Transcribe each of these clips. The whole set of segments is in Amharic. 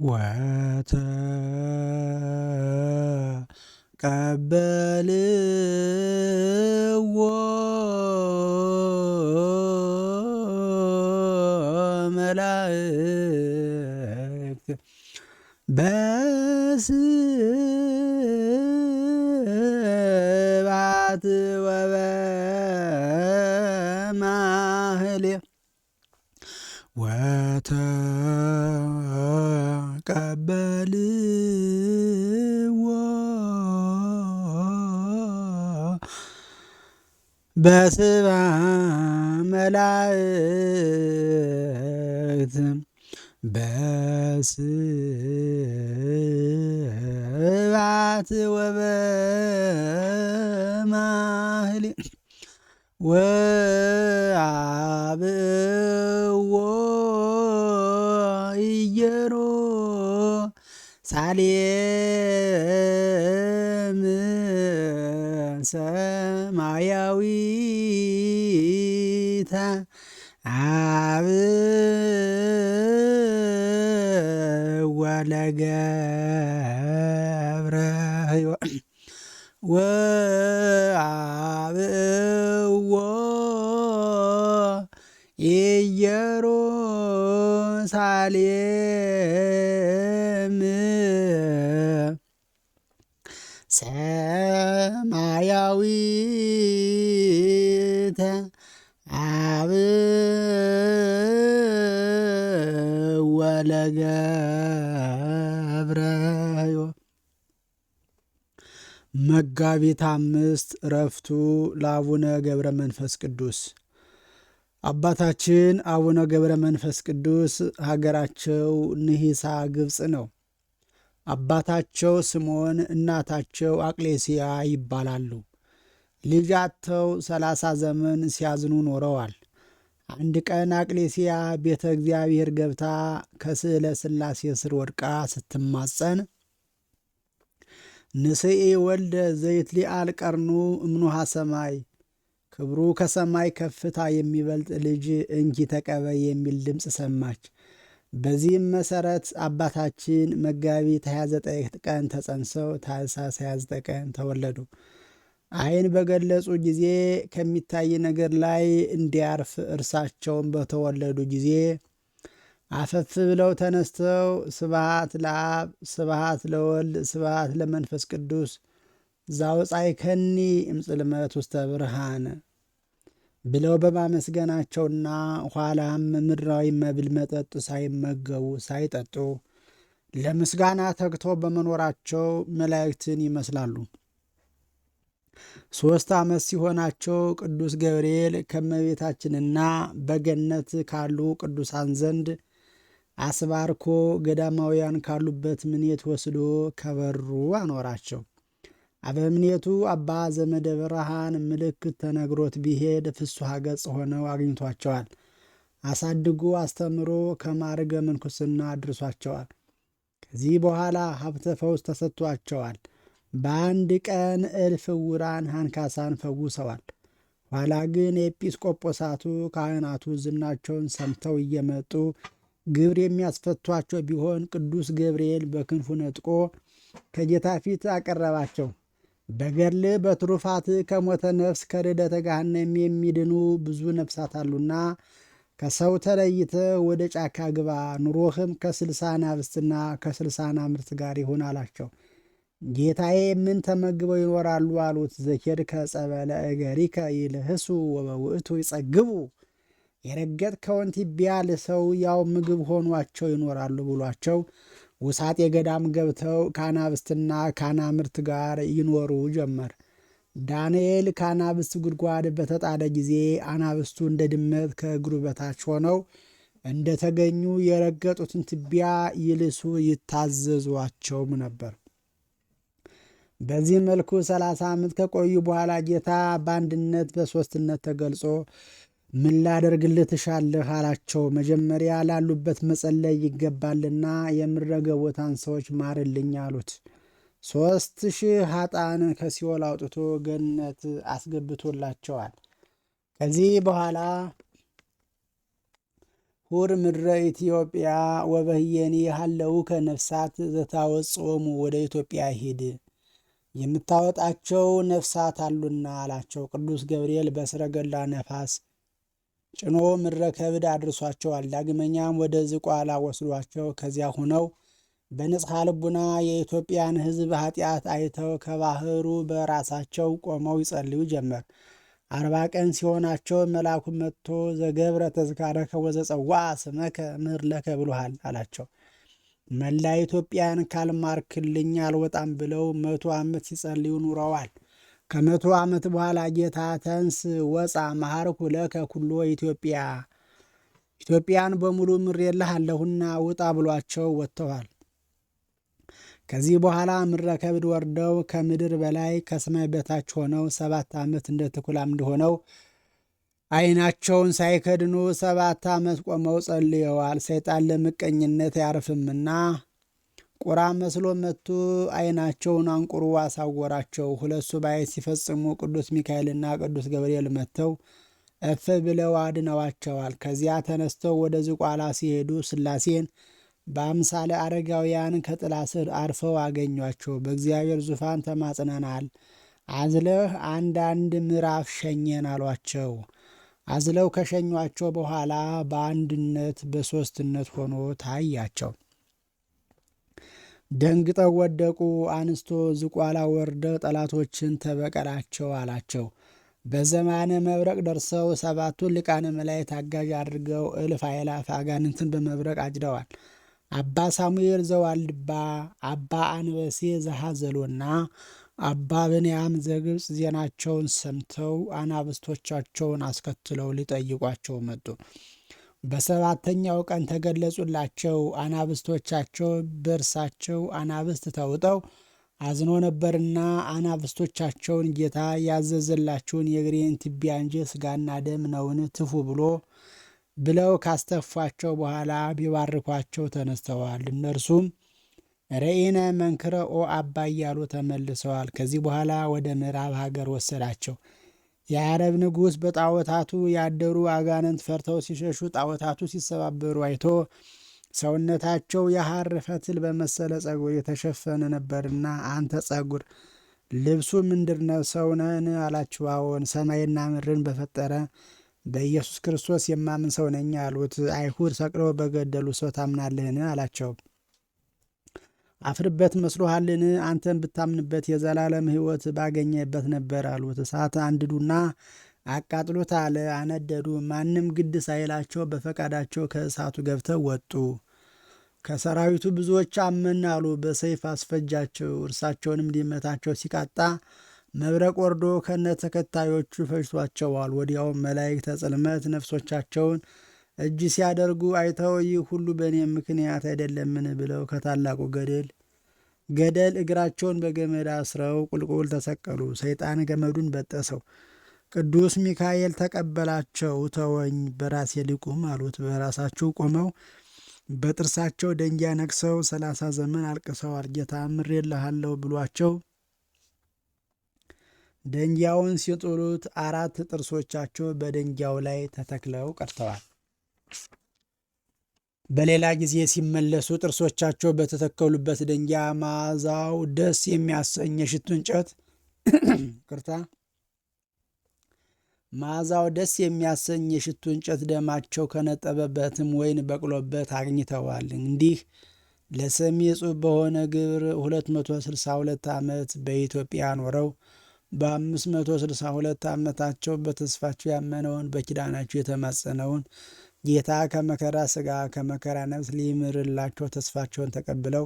وتقبلوا ملائك بسبعة ماهلي وتقبل በስባ መላእክት በስባት ወበማህሌ ውእቱ አብእዋ ለገብረ ሕይወት ኢየሩሳሌም ሰማያዊ ገብረዮ መጋቢት አምስት እረፍቱ ለአቡነ ገብረ መንፈስ ቅዱስ። አባታችን አቡነ ገብረ መንፈስ ቅዱስ ሀገራቸው ንሂሳ ግብፅ ነው። አባታቸው ስምዖን እናታቸው አቅሌስያ ይባላሉ። ልጃተው ሰላሳ ዘመን ሲያዝኑ ኖረዋል። አንድ ቀን አቅሌስያ ቤተ እግዚአብሔር ገብታ ከስዕለ ሥላሴ ስር ወድቃ ስትማጸን ንስኤ ወልደ ዘይት ሊአል ቀርኑ እምኑሃ ሰማይ ክብሩ ከሰማይ ከፍታ የሚበልጥ ልጅ እንኪ ተቀበ የሚል ድምፅ ሰማች። በዚህም መሰረት አባታችን መጋቢት 29 ቀን ተጸንሰው ታኅሳስ 29 ቀን ተወለዱ። ዓይን በገለጹ ጊዜ ከሚታይ ነገር ላይ እንዲያርፍ እርሳቸውን በተወለዱ ጊዜ አፈፍ ብለው ተነስተው ስብሃት ለአብ ስብሃት ለወልድ ስብሃት ለመንፈስ ቅዱስ ከኒ እምጽልመት ውስተ ብርሃን ብለው በማመስገናቸውና ኋላም ምድራዊ መብል መጠጥ ሳይመገቡ ሳይጠጡ ለምስጋና ተግቶ በመኖራቸው መላእክትን ይመስላሉ። ሦስት ዓመት ሲሆናቸው ቅዱስ ገብርኤል ከመቤታችንና በገነት ካሉ ቅዱሳን ዘንድ አስባርኮ ገዳማውያን ካሉበት ምኔት ወስዶ ከበሩ አኖራቸው። አበምኔቱ አባ ዘመደ ብርሃን ምልክት ተነግሮት ቢሄድ ፍሱሐ ገጽ ሆነው አግኝቷቸዋል። አሳድጎ አስተምሮ ከማርገ ምንኩስና አድርሷቸዋል። ከዚህ በኋላ ሀብተ ፈውስ ተሰጥቷቸዋል። በአንድ ቀን እልፍ ዕውራን አንካሳን ፈውሰዋል። ኋላ ግን ኤጲስቆጶሳቱ ካህናቱ ዝናቸውን ሰምተው እየመጡ ግብር የሚያስፈቷቸው ቢሆን ቅዱስ ገብርኤል በክንፉ ነጥቆ ከጌታ ፊት አቀረባቸው። በገድል በትሩፋት ከሞተ ነፍስ ከርደተ ገሃነም የሚድኑ ብዙ ነፍሳት አሉና ከሰው ተለይተ ወደ ጫካ ግባ፣ ኑሮህም ከስልሳ ናብስትና ከስልሳ ናምርት ጋር ይሆን አላቸው። ጌታዬ ምን ተመግበው ይኖራሉ አሉት። ዘኬድከ ጸበለ እገሪከ ይልህሱ ወበውእቱ ይጸግቡ የረገጥከውን ትቢያ ልሰው ያው ምግብ ሆኗቸው ይኖራሉ ብሏቸው ውሳጤ ገዳም ገብተው ከአናብስትና ከአናምርት ጋር ይኖሩ ጀመር። ዳንኤል ከአናብስት ጉድጓድ በተጣለ ጊዜ አናብስቱ እንደ ድመት ከእግሩ በታች ሆነው እንደተገኙ የረገጡትን ትቢያ ይልሱ ይታዘዟቸውም ነበር። በዚህ መልኩ ሰላሳ ዓመት ከቆዩ በኋላ ጌታ በአንድነት በሦስትነት ተገልጾ ምን ላደርግልህ ትሻለህ አላቸው። መጀመሪያ ላሉበት መጸለይ ይገባልና የምረገቦታን ሰዎች ማርልኝ አሉት። ሦስት ሺህ ኃጣን ከሲኦል አውጥቶ ገነት አስገብቶላቸዋል። ከዚህ በኋላ ሁር ምድረ ኢትዮጵያ ወበህየኒ ያለው ከነፍሳት ዘታወጾሙ ወደ ኢትዮጵያ ሂድ የምታወጣቸው ነፍሳት አሉና አላቸው። ቅዱስ ገብርኤል በሰረገላ ነፋስ ጭኖ ምድረ ከብድ አድርሷቸዋል። ዳግመኛም ወደ ዝቋላ ወስዷቸው ከዚያ ሁነው በንጽሐ ልቡና የኢትዮጵያን ሕዝብ ኃጢአት አይተው ከባህሩ በራሳቸው ቆመው ይጸልዩ ጀመር። አርባ ቀን ሲሆናቸው መልአኩ መጥቶ ዘገብረ ተዝካረከ ጸዋ ስመከ ምህር ለከ ብሎሃል አላቸው። መላ ኢትዮጵያን ካልማርክልኝ አልወጣም ብለው መቶ ዓመት ሲጸልዩ ኑረዋል። ከመቶ ዓመት በኋላ ጌታ ተንስ ወፃ መሐርኩ ለከ ኩሎ ኢትዮጵያ ኢትዮጵያን በሙሉ ምሬልሃለሁና ውጣ ብሏቸው ወጥተዋል። ከዚህ በኋላ ምድረ ከብድ ወርደው ከምድር በላይ ከሰማይ በታች ሆነው ሰባት ዓመት እንደ ትኩላ እንደሆነው ዓይናቸውን ሳይከድኑ ሰባት ዓመት ቆመው ጸልየዋል። ሰይጣን ለምቀኝነት ያርፍምና ቁራ መስሎ መጥቶ ዓይናቸውን አንቁሩ አሳወራቸው። ሁለት ሱባኤ ሲፈጽሙ ቅዱስ ሚካኤልና ቅዱስ ገብርኤል መጥተው እፍ ብለው አድነዋቸዋል። ከዚያ ተነስተው ወደ ዝቋላ ሲሄዱ ሥላሴን በአምሳለ አረጋውያን ከጥላ ስር አርፈው አገኟቸው። በእግዚአብሔር ዙፋን ተማጽነናል፣ አዝለህ አንዳንድ ምዕራፍ ሸኘን አሏቸው። አዝለው ከሸኟቸው በኋላ በአንድነት በሦስትነት ሆኖ ታያቸው። ደንግጠው ወደቁ። አንስቶ ዝቋላ ወርደው ጠላቶችን ተበቀላቸው አላቸው። በዘማነ መብረቅ ደርሰው ሰባቱን ሊቃነ መላእክት አጋዥ አድርገው እልፍ አእላፍ አጋንንትን በመብረቅ አጭደዋል። አባ ሳሙኤል ዘዋልድባ፣ አባ አንበሴ ዘሐዘሎና አባ ብንያም ዘግብፅ ዜናቸውን ሰምተው አናብስቶቻቸውን አስከትለው ሊጠይቋቸው መጡ። በሰባተኛው ቀን ተገለጹላቸው። አናብስቶቻቸው በእርሳቸው አናብስት ተውጠው አዝኖ ነበርና አናብስቶቻቸውን ጌታ ያዘዘላችሁን የእግሬን ትቢያ እንጂ ስጋና ደም ነውን? ትፉ ብሎ ብለው ካስተፏቸው በኋላ ቢባርኳቸው ተነስተዋል። እነርሱም ርኢነ መንክረ ኦ አባ እያሉ ተመልሰዋል። ከዚህ በኋላ ወደ ምዕራብ ሀገር ወሰዳቸው። የአረብ ንጉሥ በጣዖታቱ ያደሩ አጋንንት ፈርተው ሲሸሹ ጣዖታቱ ሲሰባበሩ አይቶ ሰውነታቸው የሐር ፈትል በመሰለ ጸጉር የተሸፈነ ነበርና አንተ ጸጉር ልብሱ ምንድነው? ሰውነን አላችሁ። አዎን ሰማይና ምድርን በፈጠረ በኢየሱስ ክርስቶስ የማምን ሰው ነኝ አሉት። አይሁድ ሰቅለው በገደሉ ሰው ታምናለህን? አላቸው። አፍርበት መስሎሃልን? አንተን ብታምንበት የዘላለም ሕይወት ባገኘበት ነበር አሉት። እሳት አንድዱና አቃጥሎት አለ። አነደዱ። ማንም ግድ ሳይላቸው በፈቃዳቸው ከእሳቱ ገብተው ወጡ። ከሰራዊቱ ብዙዎች አመን አሉ። በሰይፍ አስፈጃቸው። እርሳቸውንም ሊመታቸው ሲቃጣ መብረቅ ወርዶ ከነ ተከታዮቹ ፈጅቷቸዋል። ወዲያውም መላይክ ተጽልመት ነፍሶቻቸውን እጅ ሲያደርጉ አይተው ይህ ሁሉ በእኔ ምክንያት አይደለምን ብለው ከታላቁ ገደል ገደል እግራቸውን በገመድ አስረው ቁልቁል ተሰቀሉ። ሰይጣን ገመዱን በጠሰው። ቅዱስ ሚካኤል ተቀበላቸው። ተወኝ በራሴ ልቁም አሉት። በራሳቸው ቆመው በጥርሳቸው ደንጊያ ነቅሰው ሰላሳ ዘመን አልቅሰዋል። ጌታ ምሬልሃለሁ ብሏቸው ደንጊያውን ሲጥሉት አራት ጥርሶቻቸው በደንጊያው ላይ ተተክለው ቀርተዋል። በሌላ ጊዜ ሲመለሱ ጥርሶቻቸው በተተከሉበት ደንጊያ መዓዛው ደስ የሚያሰኝ የሽቱ እንጨት ቅርታ መዓዛው ደስ የሚያሰኝ የሽቱ እንጨት ደማቸው ከነጠበበትም ወይን በቅሎበት አግኝተዋል። እንዲህ ለስም የጽሑፍ በሆነ ግብር 262 ዓመት በኢትዮጵያ ኖረው በ562 ዓመታቸው በተስፋቸው ያመነውን በኪዳናቸው የተማጸነውን ጌታ ከመከራ ስጋ ከመከራ ነፍስ ሊምርላቸው ተስፋቸውን ተቀብለው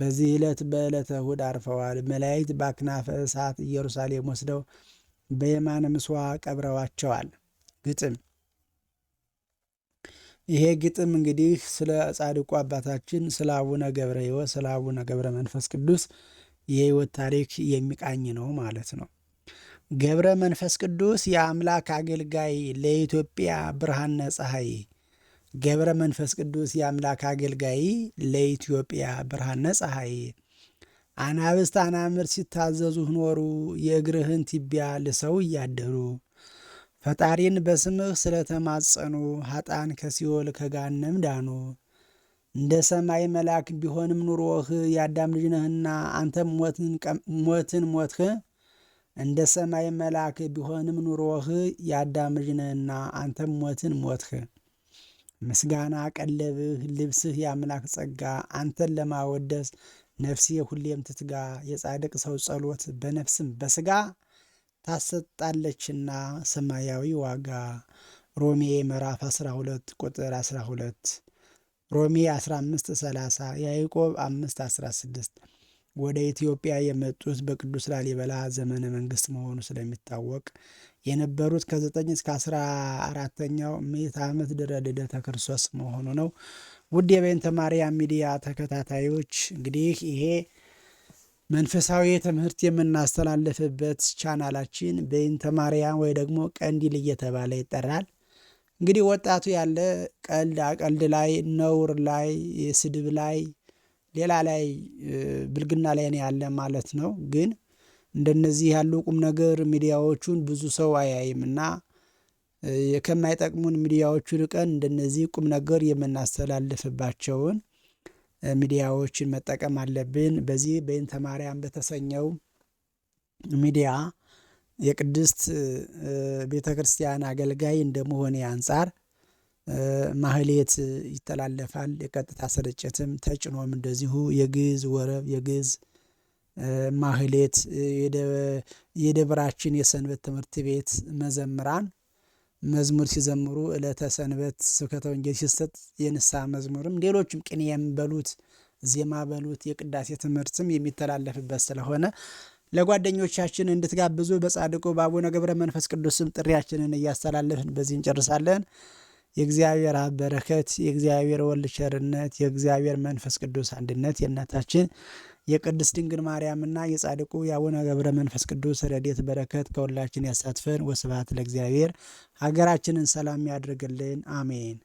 በዚህ ዕለት በዕለተ እሁድ አርፈዋል። መላእክት በአክናፈ እሳት ኢየሩሳሌም ወስደው በየማነ ምስዋ ቀብረዋቸዋል። ግጥም ይሄ ግጥም እንግዲህ ስለ ጻድቁ አባታችን ስለ አቡነ ገብረ ሕይወት ስለ አቡነ ገብረ መንፈስ ቅዱስ የሕይወት ታሪክ የሚቃኝ ነው ማለት ነው። ገብረ መንፈስ ቅዱስ የአምላክ አገልጋይ ለኢትዮጵያ ብርሃነ ፀሐይ ገብረ መንፈስ ቅዱስ የአምላክ አገልጋይ ለኢትዮጵያ ብርሃነ ፀሐይ አናብስት አናምር ሲታዘዙህ ኖሩ የእግርህን ትቢያ ልሰው እያደሩ ፈጣሪን በስምህ ስለተማጸኑ ሀጣን ከሲኦል ከጋነም ዳኑ። እንደ ሰማይ መልአክ ቢሆንም ኑሮህ የአዳም ልጅ ነህና አንተም ሞትን ሞትህ እንደ ሰማይ መልአክ ቢሆንም ኑሮህ የአዳም ልጅ ነህና አንተም ሞትን ሞትህ። ምስጋና ቀለብህ ልብስህ የአምላክ ጸጋ አንተን ለማወደስ ነፍሴ ሁሌም ትትጋ። የጻድቅ ሰው ጸሎት በነፍስም በስጋ ታሰጣለችና ሰማያዊ ዋጋ። ሮሜ ምዕራፍ 12 ቁጥር 12 ሮሜ 15 30 ያዕቆብ 5 16 ወደ ኢትዮጵያ የመጡት በቅዱስ ላሊበላ ዘመነ መንግስት መሆኑ ስለሚታወቅ የነበሩት ከ9 እስከ 14 አራተኛው ምዕተ ዓመት ድረ ልደተ ክርስቶስ መሆኑ ነው። ውድ የቤንተ ማርያም ሚዲያ ተከታታዮች እንግዲህ ይሄ መንፈሳዊ ትምህርት የምናስተላልፍበት ቻናላችን ቤንተ ማርያም ወይ ደግሞ ቀንዲል እየተባለ ይጠራል። እንግዲህ ወጣቱ ያለ ቀልድ አቀልድ ላይ፣ ነውር ላይ፣ ስድብ ላይ ሌላ ላይ ብልግና ላይ ነው ያለ ማለት ነው። ግን እንደነዚህ ያሉ ቁም ነገር ሚዲያዎቹን ብዙ ሰው አያይምና ከማይጠቅሙን ሚዲያዎቹ ርቀን እንደነዚህ ቁም ነገር የምናስተላልፍባቸውን ሚዲያዎችን መጠቀም አለብን። በዚህ በይንተ ማርያም በተሰኘው ሚዲያ የቅድስት ቤተ ክርስቲያን አገልጋይ እንደመሆኔ አንፃር ማህሌት ይተላለፋል። የቀጥታ ስርጭትም ተጭኖም እንደዚሁ የግዝ ወረብ የግዝ ማህሌት የደብራችን የሰንበት ትምህርት ቤት መዘምራን መዝሙር ሲዘምሩ ዕለተ ሰንበት ስብከተ ወንጌል ሲሰጥ የንስሐ መዝሙርም ሌሎችም ቅኔም በሉት ዜማ በሉት የቅዳሴ ትምህርትም የሚተላለፍበት ስለሆነ ለጓደኞቻችን እንድትጋብዙ በጻድቁ በአቡነ ገብረ መንፈስ ቅዱስም ጥሪያችንን እያስተላለፍን በዚህ እንጨርሳለን። የእግዚአብሔር አብ በረከት የእግዚአብሔር ወልድ ቸርነት የእግዚአብሔር መንፈስ ቅዱስ አንድነት የእናታችን የቅድስት ድንግል ማርያምና የጻድቁ የአቡነ ገብረ መንፈስ ቅዱስ ረድኤት በረከት ከሁላችን ያሳትፈን። ወስብሐት ለእግዚአብሔር። ሀገራችንን ሰላም ያድርግልን። አሜን።